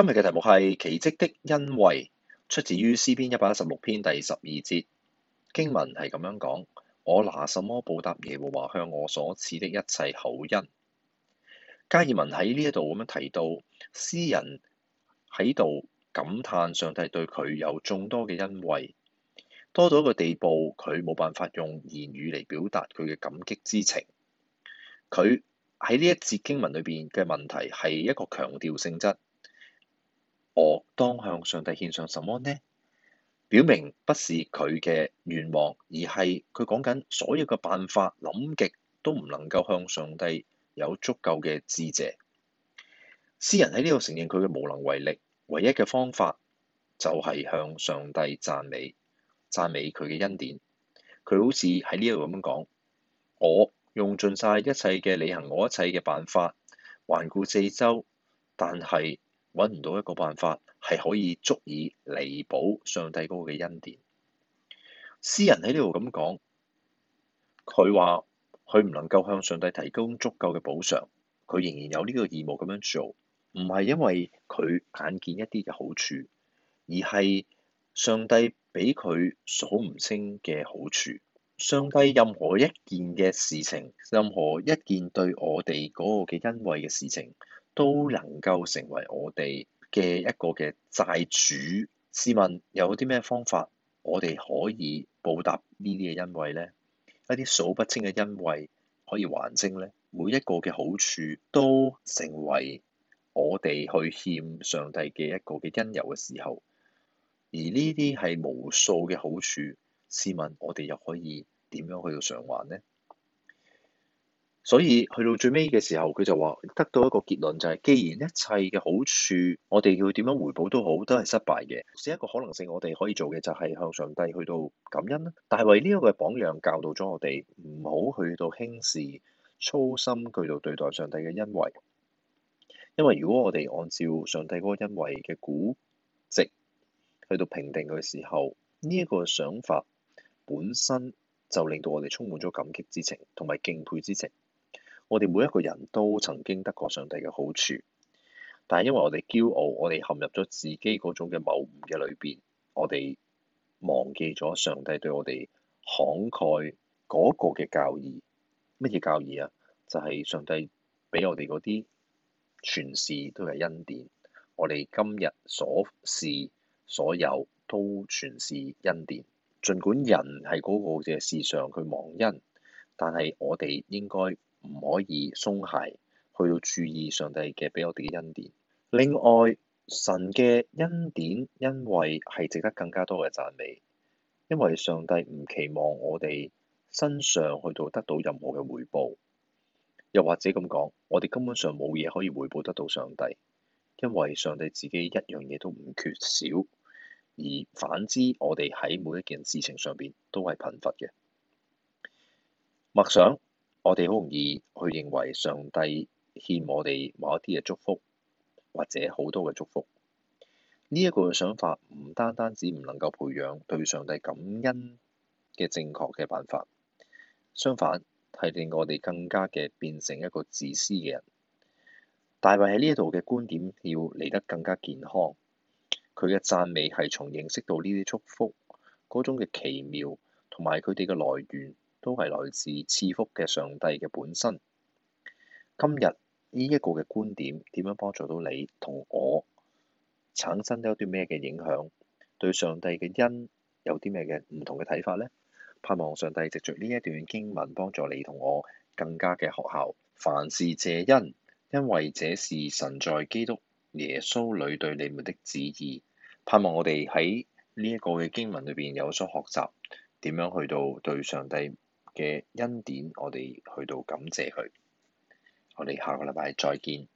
今日嘅題目係奇蹟的恩惠，出自於詩篇一百一十六篇第十二節。經文係咁樣講：我拿什麼報答耶和華向我所賜的一切厚恩。加爾文喺呢一度咁樣提到，詩人喺度感嘆上帝對佢有眾多嘅恩惠，多到一個地步，佢冇辦法用言語嚟表達佢嘅感激之情。佢喺呢一節經文裏邊嘅問題係一個強調性質。我、哦、當向上帝獻上什麼呢？表明不是佢嘅願望，而係佢講緊所有嘅辦法，諗極都唔能夠向上帝有足夠嘅致謝。詩人喺呢度承認佢嘅無能為力，唯一嘅方法就係向上帝讚美，讚美佢嘅恩典。佢好似喺呢度咁樣講：我用盡晒一切嘅履行我一切嘅辦法，環顧四周，但係。揾唔到一個辦法係可以足以彌補上帝嗰個嘅恩典。詩人喺呢度咁講，佢話佢唔能夠向上帝提供足夠嘅補償，佢仍然有呢個義務咁樣做，唔係因為佢眼見一啲嘅好處，而係上帝俾佢數唔清嘅好處。上帝任何一件嘅事情，任何一件對我哋嗰個嘅恩惠嘅事情。都能夠成為我哋嘅一個嘅債主。試問有啲咩方法，我哋可以報答呢啲嘅恩惠呢？一啲數不清嘅恩惠可以還清呢？每一個嘅好處都成為我哋去欠上帝嘅一個嘅因由嘅時候，而呢啲係無數嘅好處。試問我哋又可以點樣去到償還呢？所以去到最尾嘅時候，佢就話得到一個結論，就係、是、既然一切嘅好處，我哋要點樣回報都好，都係失敗嘅。只一個可能性，我哋可以做嘅就係、是、向上帝去到感恩啦。但係為呢一個榜樣教導咗我哋唔好去到輕視粗心去到對待上帝嘅恩惠。因為如果我哋按照上帝嗰個恩惠嘅估值去到評定嘅時候，呢、這、一個想法本身就令到我哋充滿咗感激之情，同埋敬佩之情。我哋每一個人都曾經得過上帝嘅好處，但係因為我哋驕傲，我哋陷入咗自己嗰種嘅謬誤嘅裏邊，我哋忘記咗上帝對我哋慷慨嗰個嘅教義。乜嘢教義啊？就係、是、上帝畀我哋嗰啲全是都係恩典。我哋今日所事所有都全是恩典。儘管人係嗰個嘅事上佢忘恩，但係我哋應該。唔可以鬆懈，去到注意上帝嘅畀我哋嘅恩典。另外，神嘅恩典因為係值得更加多嘅讚美，因為上帝唔期望我哋身上去到得到任何嘅回報，又或者咁講，我哋根本上冇嘢可以回報得到上帝，因為上帝自己一樣嘢都唔缺少，而反之，我哋喺每一件事情上邊都係貧乏嘅。默想。我哋好容易去認為上帝欠我哋某一啲嘅祝福，或者好多嘅祝福，呢一個嘅想法唔單單止唔能夠培養對上帝感恩嘅正確嘅辦法，相反係令我哋更加嘅變成一個自私嘅人。大衛喺呢度嘅觀點要嚟得更加健康，佢嘅讚美係從認識到呢啲祝福嗰種嘅奇妙，同埋佢哋嘅來源。都係來自賜福嘅上帝嘅本身。今日呢一個嘅觀點點樣幫助到你同我，產生咗啲咩嘅影響？對上帝嘅恩有啲咩嘅唔同嘅睇法呢？盼望上帝藉著呢一段經文幫助你同我更加嘅學效。凡事謝恩，因為這是神在基督耶穌裏對你們的旨意。盼望我哋喺呢一個嘅經文裏邊有所學習，點樣去到對上帝嘅恩典，我哋去到感謝佢。我哋下個禮拜再見。